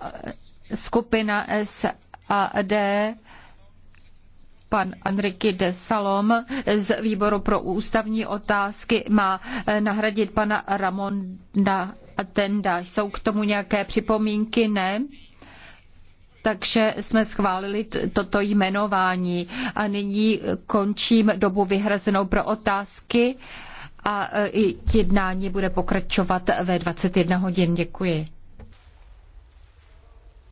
Eh, skupina SAD pan Enrique de Salom z výboru pro ústavní otázky má eh, nahradit pana Ramonda Atenda. Jsou k tomu nějaké připomínky? Ne? takže jsme schválili toto jmenování. A nyní končím dobu vyhrazenou pro otázky a eh, jednání bude pokračovat ve 21 hodin. Děkuji.